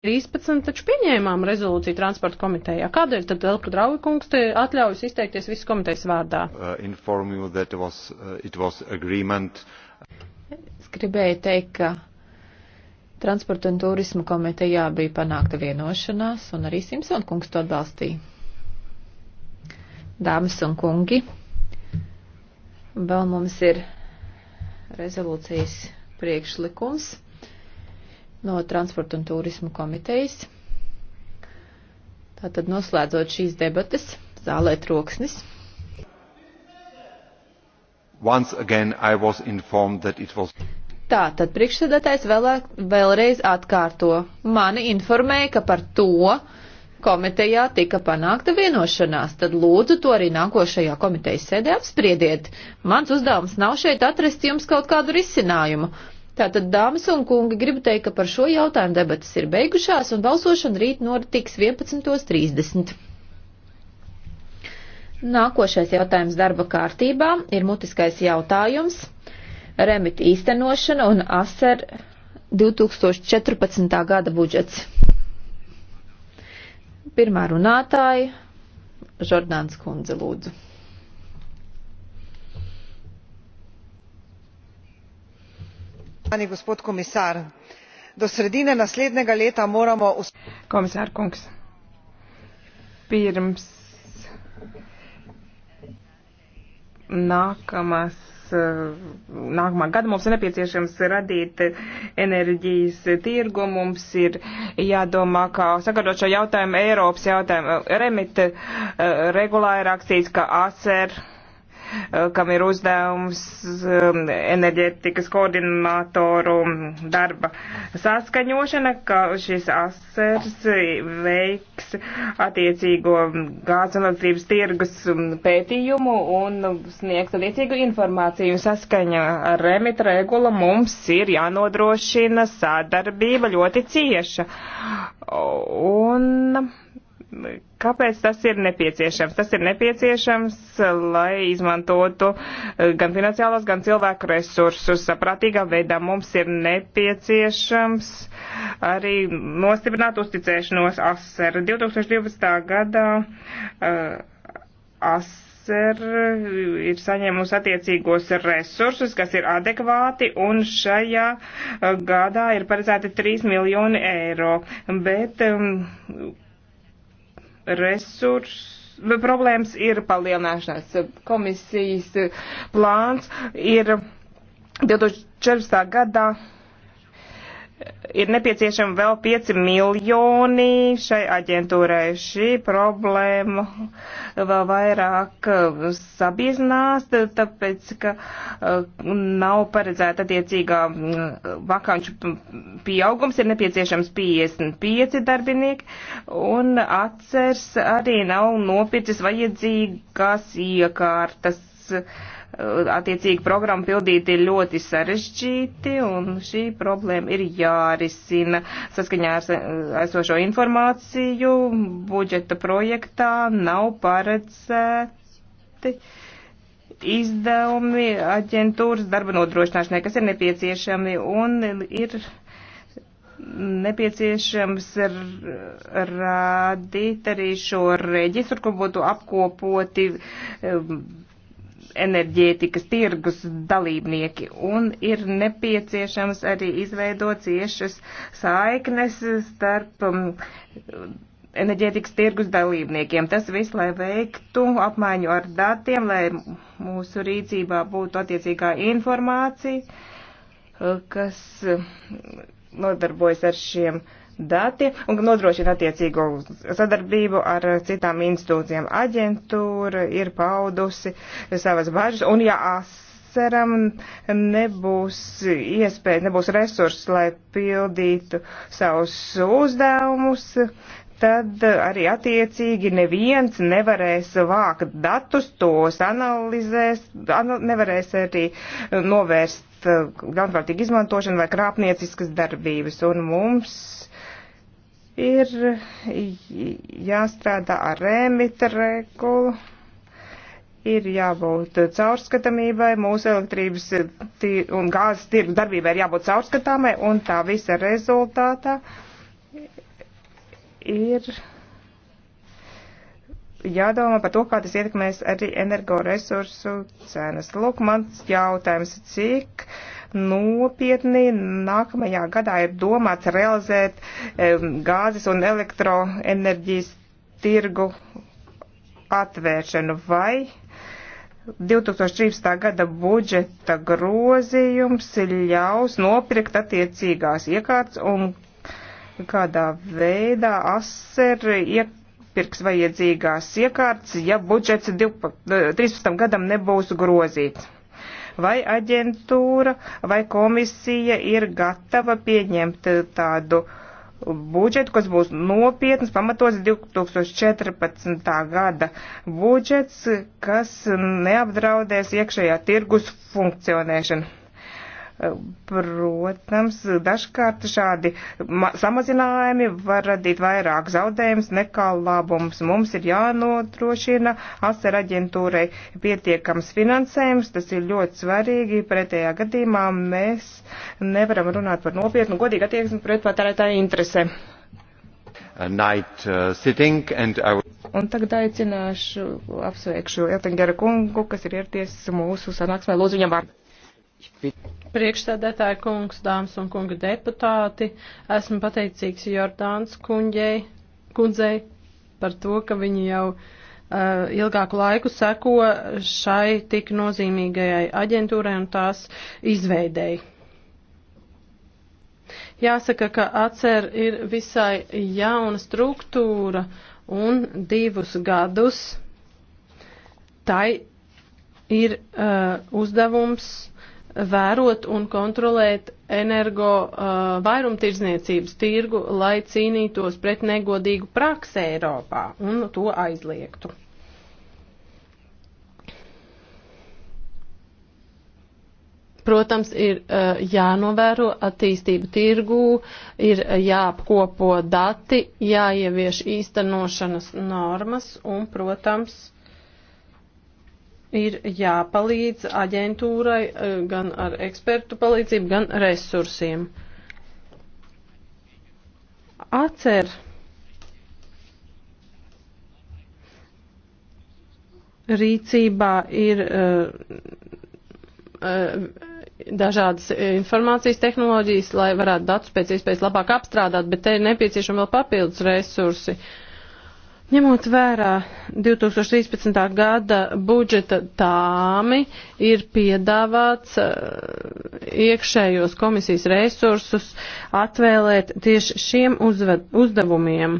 13 taču pieņēmām rezolūciju transporta komitejā. Kādēļ tad Elka Draugi kungs te atļaujas izteikties visu komitejas vārdā? Uh, it was, uh, it was agreement. es gribēju teikt, ka transporta un turisma komitejā bija panākta vienošanās, un arī Simpson kungs to atbalstīja. Dāmas un kungi, vēl mums ir rezolūcijas priekšlikums no Transporta un Tūrismu komitejas. Tātad noslēdzot šīs debates, zālē troksnis. Once again I was informed that it was. Tā, tad priekšsēdētājs vēl, vēlreiz atkārto. Mani informēja, ka par to komitejā tika panākta vienošanās. Tad lūdzu to arī nākošajā komitejas sēdē apspriediet. Mans uzdevums nav šeit atrast jums kaut kādu risinājumu. Tātad, dāmas un kungi, gribu teikt, ka par šo jautājumu debatas ir beigušās un balsošana rīt notiks 11.30. Nākošais jautājums darba kārtībā ir mutiskais jautājums - remit īstenošana un aser 2014. gada budžets. Pirmā runātāja - Žordāns Kundze lūdzu. gospod komisar do sredine naslednjega leta moramo. komisār kungs pirms nākamās nākamā gada mums ir nepieciešams radīt enerģijas tirgu, mums ir jādomā, kā sagatavot šo jautājumu Eiropas jautājumu. Remit eh, regulā ir rakstīts, ka ASER Eh, kam ir uzdevums eh, enerģētikas koordinātoru darba saskaņošana, ka šis asers veiks attiecīgo gāzes un elektrības tirgus mm, pētījumu un sniegs attiecīgu informāciju saskaņa ar remita regula mums ir jānodrošina sadarbība ļoti cieša. Un Kāpēc tas ir nepieciešams? Tas ir nepieciešams, lai izmantotu eh, gan finansiālos, gan cilvēku resursus saprātīgā veidā. Mums ir nepieciešams arī nostiprināt uzticēšanos ASER. 2012. gadā uh, eh, ASER ir, ir saņēmusi attiecīgos resursus, kas ir adekvāti, un šajā eh, gadā ir paredzēti 3 miljoni eiro. Bet, um, resursu problēmas ir palielināšanās. Komisijas plāns ir 2014. gadā ir nepieciešami vēl 5 miljoni šai aģentūrai. Šī problēma vēl vairāk uh, sabiezinās, tāpēc, ka uh, nav paredzēta attiecīgā mm, vakanču pieaugums, ir nepieciešams 55 darbinieki, un atcers arī nav nopircis vajadzīgās iekārtas. Uh, attiecīgi programmu pildīt ir ļoti sarežģīti, un šī problēma ir jārisina saskaņā ar esošo informāciju. Budžeta projektā nav paredzēti izdevumi aģentūras darba nodrošināšanai, kas ir nepieciešami, un ir nepieciešams rādīt arī šo reģistru, kur būtu apkopoti um, enerģētikas tirgus dalībnieki, un ir nepieciešams arī izveidot ciešas saiknes starp um, enerģētikas tirgus dalībniekiem. Tas viss, lai veiktu apmaiņu ar datiem, lai mūsu rīcībā būtu attiecīgā informācija, uh, kas uh, nodarbojas ar šiem uh, dati un nodrošina attiecīgo sadarbību ar citām institūcijām. Aģentūra ir paudusi savas bažas un ja ceram, nebūs iespēja, nebūs resursi, lai pildītu savus uzdevumus, tad arī attiecīgi neviens nevarēs vākt datus, tos analizēs, anal nevarēs arī novērst ganvārtīgu uh, izmantošanu vai krāpnieciskas darbības. Un mums ir jāstrādā ar rēmita regulu, ir jābūt caurskatamībai, mūsu elektrības un gāzes tirgu darbībai ir jābūt caurskatāmai, un tā visa rezultātā ir jādomā par to, kā tas ietekmēs arī energoresursu cenas. Lūk, mans jautājums, cik uh, nopietni. Nākamajā gadā ir domāts realizēt gāzes un elektroenerģijas tirgu atvēršanu vai 2013. gada budžeta grozījums ļaus nopirkt attiecīgās iekārtas un kādā veidā ASER iepirks vajadzīgās iekārtas, ja budžets 13. Eh, gadam nebūs grozīts. Vai aģentūra vai komisija ir gatava pieņemt eh, tādu budžetu, kas būs nopietns, pamatots 2014. gada budžets, kas neapdraudēs iekšējā tirgus funkcionēšanu? Protams, dažkārt šādi samazinājumi var radīt vairāk zaudējums nekā labums. Mums ir jānodrošina ASER aģentūrai pietiekams finansējums, tas ir ļoti svarīgi, pretējā gadījumā mēs nevaram runāt par nopietnu godīgu attieksmi pret patērētāju interese. Night, uh, sitting, and I will... Un tagad aicināšu, apsveikšu Eltenģera kungu, kas ir ierties mūsu sanāksmē. Lūdzu viņam vārdu. Priekšsēdētāja kungs, dāmas un kunga deputāti, esmu pateicīgs Jordāns kundzei, kundzei par to, ka viņi jau uh, ilgāku laiku seko šai tik nozīmīgajai aģentūrai un tās izveidēji. Jāsaka, ka ACER ir visai jauna struktūra un divus gadus tai ir uh, uzdevums vērot un kontrolēt energo uh, vairumtirdzniecības tirgu, lai cīnītos pret negodīgu praksi Eiropā un to aizliegtu. protams, ir uh, jānovēro attīstība tirgū, ir uh, jāapkopo dati, jāievieš īstenošanas normas un, protams, ir jāpalīdz aģentūrai eh, gan ar ekspertu palīdzību, gan resursiem. Atcer rīcībā ir eh, eh, dažādas informācijas tehnoloģijas, lai varētu datus pēc iespējas labāk apstrādāt, bet te ir nepieciešama vēl papildus resursi. Uh, Ņemot vērā 2013. gada budžeta tāmi, ir piedāvāts eh, iekšējos komisijas resursus atvēlēt tieši šiem uzdevumiem,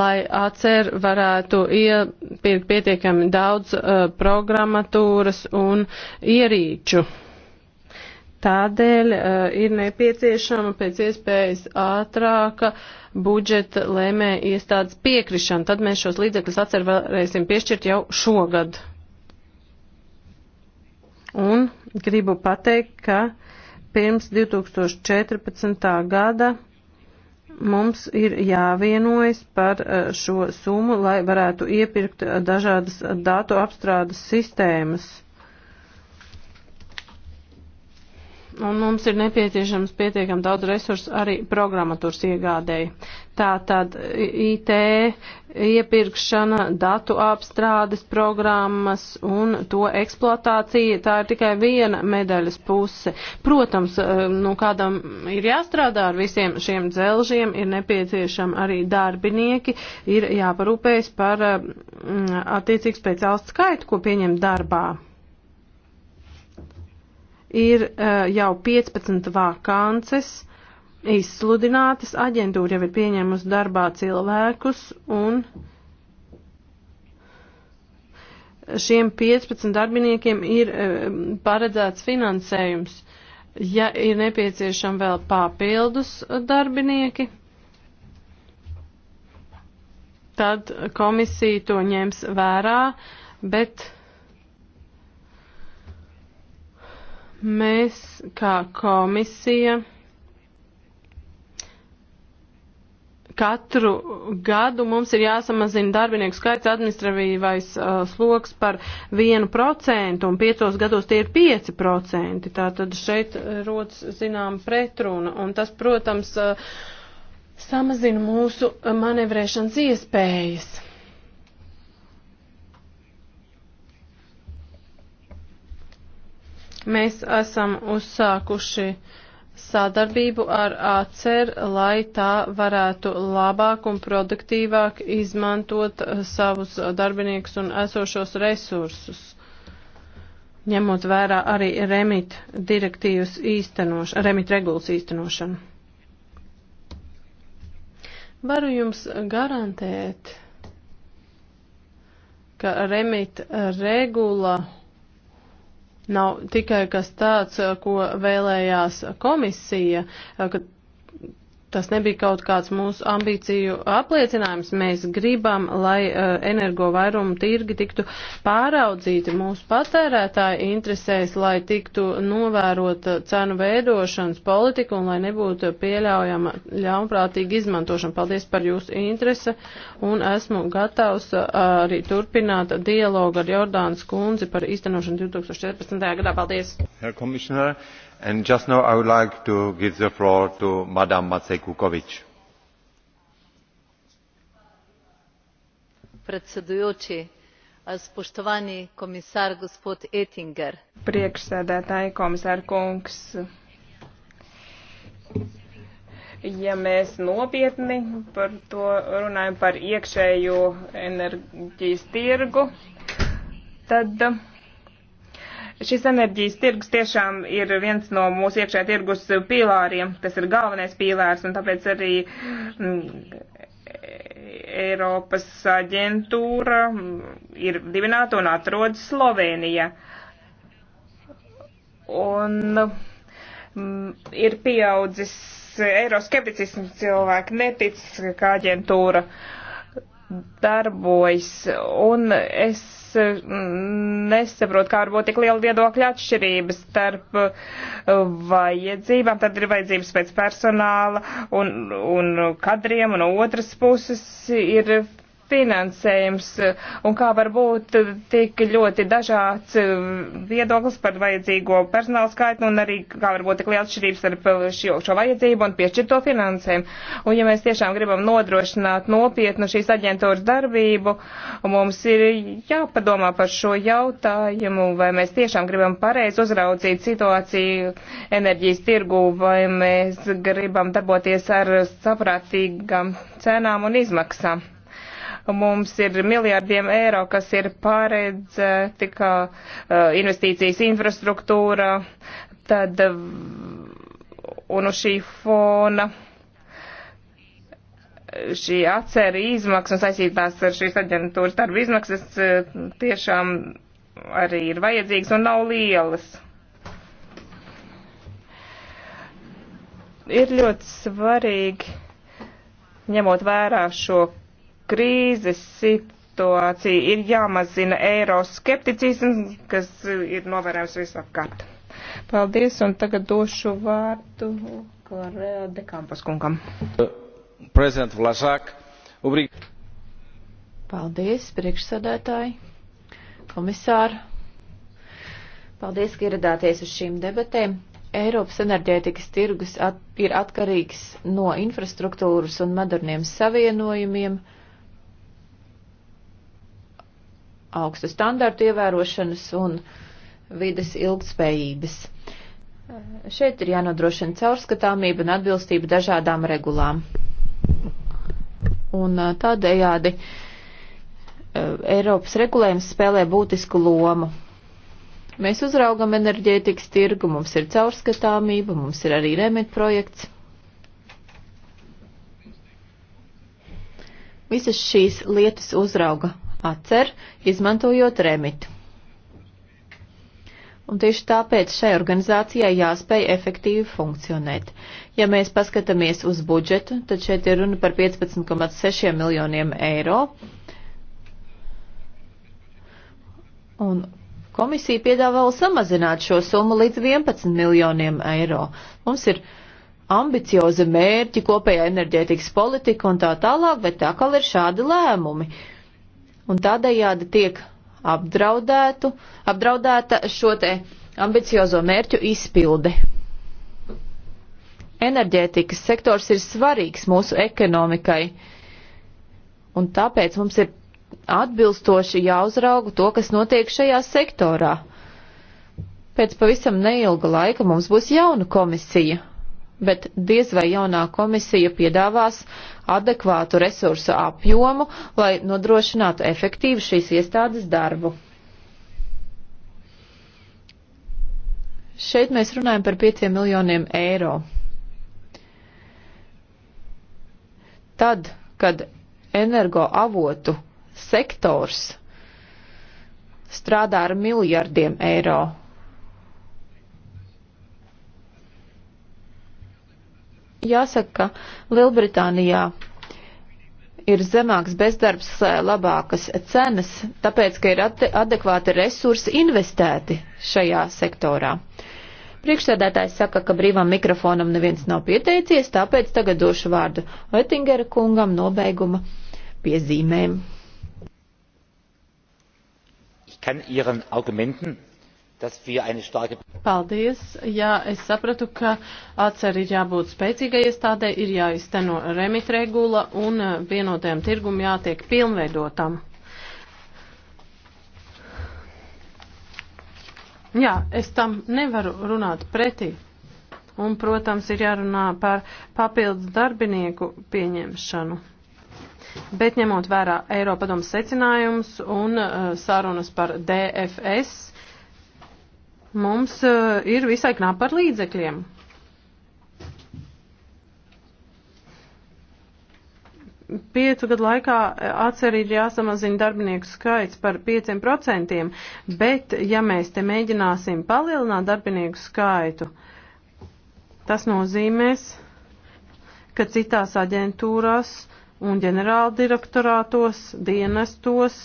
lai ACER varētu iepirkt pietiekami daudz eh, programmatūras un ierīču. Tādēļ uh, ir nepieciešama pēc iespējas ātrāka budžeta lēmē iestādes piekrišana. Tad mēs šos līdzekļus atcer varēsim piešķirt jau šogad. Un gribu pateikt, ka pirms 2014. gada mums ir jāvienojas par eh, šo summu, lai varētu iepirkt eh, dažādas datu apstrādes sistēmas. un mums ir nepieciešams pietiekam daudz resursu arī programmatūras iegādēji. Tā tad IT, iepirkšana, datu apstrādes programmas un to eksploatācija, tā ir tikai viena medaļas puse. Protams, eh, nu kādam ir jāstrādā ar visiem šiem dzelžiem, ir nepieciešami arī darbinieki, ir jāparūpējas par eh, attiecīgu speciālistu skaitu, ko pieņem darbā ir eh, jau 15 vakances izsludinātas, aģentūra jau ir pieņēmusi darbā cilvēkus un šiem 15 darbiniekiem ir eh, paredzēts finansējums. Ja ir nepieciešami vēl papildus darbinieki, tad komisija to ņems vērā, bet Mēs kā komisija katru gadu mums ir jāsamazina darbinieku skaits administratīvais uh, sloks par 1% un 5 gados tie ir 5%. Tātad šeit uh, rodas zinām pretruna un tas, protams, uh, samazina mūsu manevrēšanas iespējas. Mēs esam uzsākuši sadarbību ar ACER, lai tā varētu labāk un produktīvāk izmantot savus darbiniekus un esošos resursus ņemot vērā arī remit direktīvas īstenošanu, remit regulas īstenošanu. Varu jums garantēt, ka remit regula nav tikai kas tāds, ko vēlējās komisija, ka Tas nebija kaut kāds mūsu ambīciju apliecinājums. Mēs gribam, lai uh, energo vairumu tirgi tiktu pāraudzīti mūsu patērētāji interesēs, lai tiktu novērota eh, cenu veidošanas politika un lai nebūtu pieļaujama ļaunprātīga izmantošana. Paldies par jūsu interesi un esmu gatavs uh, arī turpināt dialogu ar Jordānas kundzi par īstenošanu 2014. gadā. Paldies! Herr Kommissar, And just now I would like to give the floor to Madam Macej Kukovič. Predsedujoči, spoštovani komisar gospod Ettinger. Priekšsēdētāji komisāra kungs. Ja mēs nopietni par to runājam par iekšējo enerģijas tirgu, tad uh, Šis enerģijas tirgus tiešām ir viens no mūsu iekšē tirgus pīlāriem, tas ir galvenais pīlārs, un tāpēc arī mm, Eiropas aģentūra mm, ir dibināta un atrodas Slovenija. Un mm, ir pieaudzis eiroskepticisms cilvēki netic, ka aģentūra uh, darbojas, un es mm, nesaprotu, kā var būt tik liela viedokļa atšķirības starp uh, vajadzībām, tad ir vajadzības pēc personāla un, un kadriem, un no otras puses ir finansējums un kā var būt tik ļoti dažāds eh, viedoklis par vajadzīgo personāla skaitu un arī kā var būt tik liela atšķirības starp eh, šo, šo vajadzību un piešķirto finansējumu. Un ja mēs tiešām gribam nodrošināt nopietnu šīs aģentūras darbību, mums ir jāpadomā par šo jautājumu, vai mēs tiešām gribam pareizi uzraudzīt situāciju enerģijas tirgu, vai mēs gribam darboties ar saprātīgām cenām un izmaksām. Mums ir miljārdiem eiro, kas ir pārēdzēti kā eh, investīcijas infrastruktūra, tad eh, un uz šī fona eh, šī atcēra izmaksas un saistītās ar šīs aģentūras darba izmaksas tiešām arī ir vajadzīgas un nav lielas. Ir ļoti svarīgi, ņemot vērā šo krīzes situācija ir jāmazina eiroskepticisms, kas ir novērojams visapkārt. Paldies, un tagad došu vārdu Koreo de Kampas kungam. Prezident Vlašāk, obrīd. Paldies, priekšsādētāji, komisāri. Paldies, ka ieradāties uz šīm debatēm. Eiropas enerģētikas tirgus at, ir atkarīgs no infrastruktūras un moderniem savienojumiem. augstu standartu ievērošanas un vides ilgtspējības. Šeit ir jānodrošina caurskatāmība un atbilstība dažādām regulām. Un tādējādi Eiropas regulējums spēlē būtisku lomu. Mēs uzraugam enerģētikas tirgu, mums ir caurskatāmība, mums ir arī remit projekts. Visas šīs lietas uzrauga atcer, izmantojot remit. Un tieši tāpēc šai organizācijai jāspēj efektīvi funkcionēt. Ja mēs paskatāmies uz budžetu, tad šeit ir runa par 15,6 miljoniem eiro. Un komisija piedāvā samazināt šo summu līdz 11 miljoniem eiro. Mums ir ambicioza mērķi, kopējā enerģētikas politika un tā tālāk, bet tā kā ir šādi lēmumi. Uh, un tādējādi tiek apdraudētu, apdraudēta šo te ambiciozo mērķu izpilde. Enerģētikas sektors ir svarīgs mūsu ekonomikai, un tāpēc mums ir atbilstoši jāuzrauga to, kas notiek šajā sektorā. Pēc pavisam neilga laika mums būs jauna komisija, bet diez vai jaunā komisija piedāvās adekvātu resursu apjomu, lai nodrošinātu efektīvu šīs iestādes darbu. Šeit mēs runājam par 5 miljoniem eiro. Tad, kad energoavotu sektors strādā ar miljardiem eiro, Jāsaka, ka Lielbritānijā ir zemāks bezdarbs, labākas cenas, tāpēc, ka ir adekvāti resursi investēti šajā sektorā. Priekšsēdētājs saka, ka brīvam mikrofonam neviens nav pieteicies, tāpēc tagad došu vārdu Oettingera kungam nobeiguma piezīmēm. Ich kann Ihren Argumenten Paldies. Jā, es sapratu, ka atcer ir jābūt spēcīgai iestādē, ir jāizteno remit regula un eh, vienotajam tirgum jātiek pilnveidotam. Jā, es tam nevaru runāt pretī. Un, protams, ir jārunā par papildus darbinieku pieņemšanu bet ņemot vērā Eiropadomas secinājumus un uh, sarunas par DFS, mums uh, ir visai knap ar līdzekļiem. Piecu gadu laikā uh, atcer ir jāsamazina darbinieku skaits par 5%, bet ja mēs te mēģināsim palielināt darbinieku skaitu, tas nozīmēs, ka citās aģentūrās un ģenerāldirektorātos, dienestos,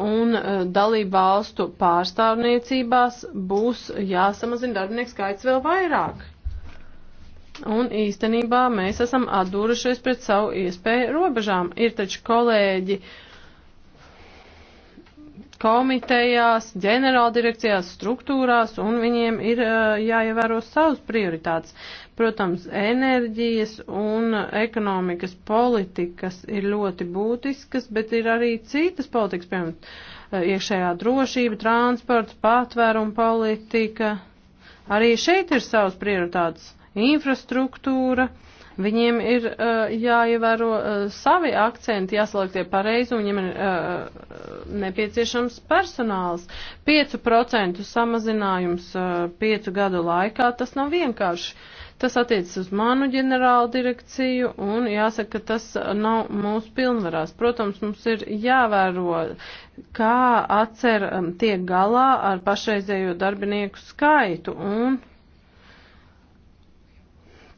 un e, dalību valstu pārstāvniecībās būs jāsamazina darbinieku skaits vēl vairāk. Un īstenībā mēs esam atdūrušies pret savu iespēju robežām. Ir taču kolēģi, uh, komitejās, ģenerāldirekcijās, struktūrās, un viņiem ir eh, jāievēro savas prioritātes. Protams, enerģijas un ekonomikas politikas ir ļoti būtiskas, bet ir arī citas politikas, piemēram, eh, iekšējā drošība, transports, patvērumu politika. Arī šeit ir savas prioritātes - infrastruktūra. Uh, Viņiem ir uh, jāievēro uh, savi akcenti, jāsaliek tie pareizi, un viņiem ir uh, uh nepieciešams personāls. 5% samazinājums uh, 5 gadu laikā tas nav vienkārši. Tas attiecas uz manu ģenerālu direkciju, un jāsaka, ka tas nav mūsu pilnvarās. Protams, mums ir jāvēro, kā atcer um, tiek galā ar pašreizējo darbinieku skaitu, un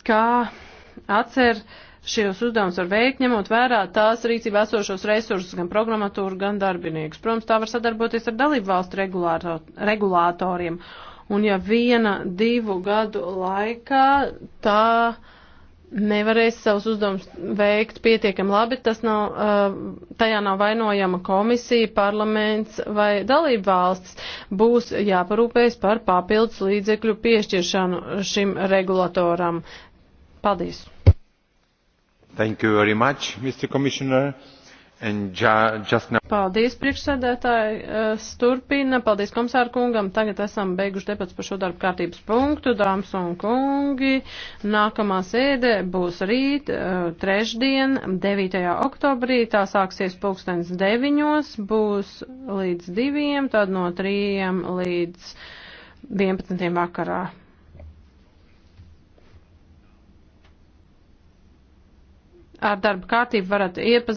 kā atcer šos uzdevumus var veikt, ņemot vērā tās rīcībā esošos resursus, gan programmatūru, gan darbiniekus. Protams, tā var sadarboties ar dalību valstu regulātoriem. Un ja viena, divu gadu laikā tā nevarēs savus uzdevumus veikt pietiekami labi, tas nav, tajā nav vainojama komisija, parlaments vai dalība valsts. Būs jāparūpējas par papildus līdzekļu piešķiršanu šim regulatoram. Paldies! Thank you very much, Mr. Commissioner. Now... Paldies, priekšsēdētāji. Es turpina. Paldies komisāru kungam. Tagad esam beiguši debats par šo darbu kārtības punktu. Dāmas un kungi, nākamā sēde būs rīt, eh, trešdien, 9. oktobrī. Tā sāksies pulkstens 9. būs līdz 2. tad no 3. līdz 11. vakarā. ar darba kārtību varat iepazīties.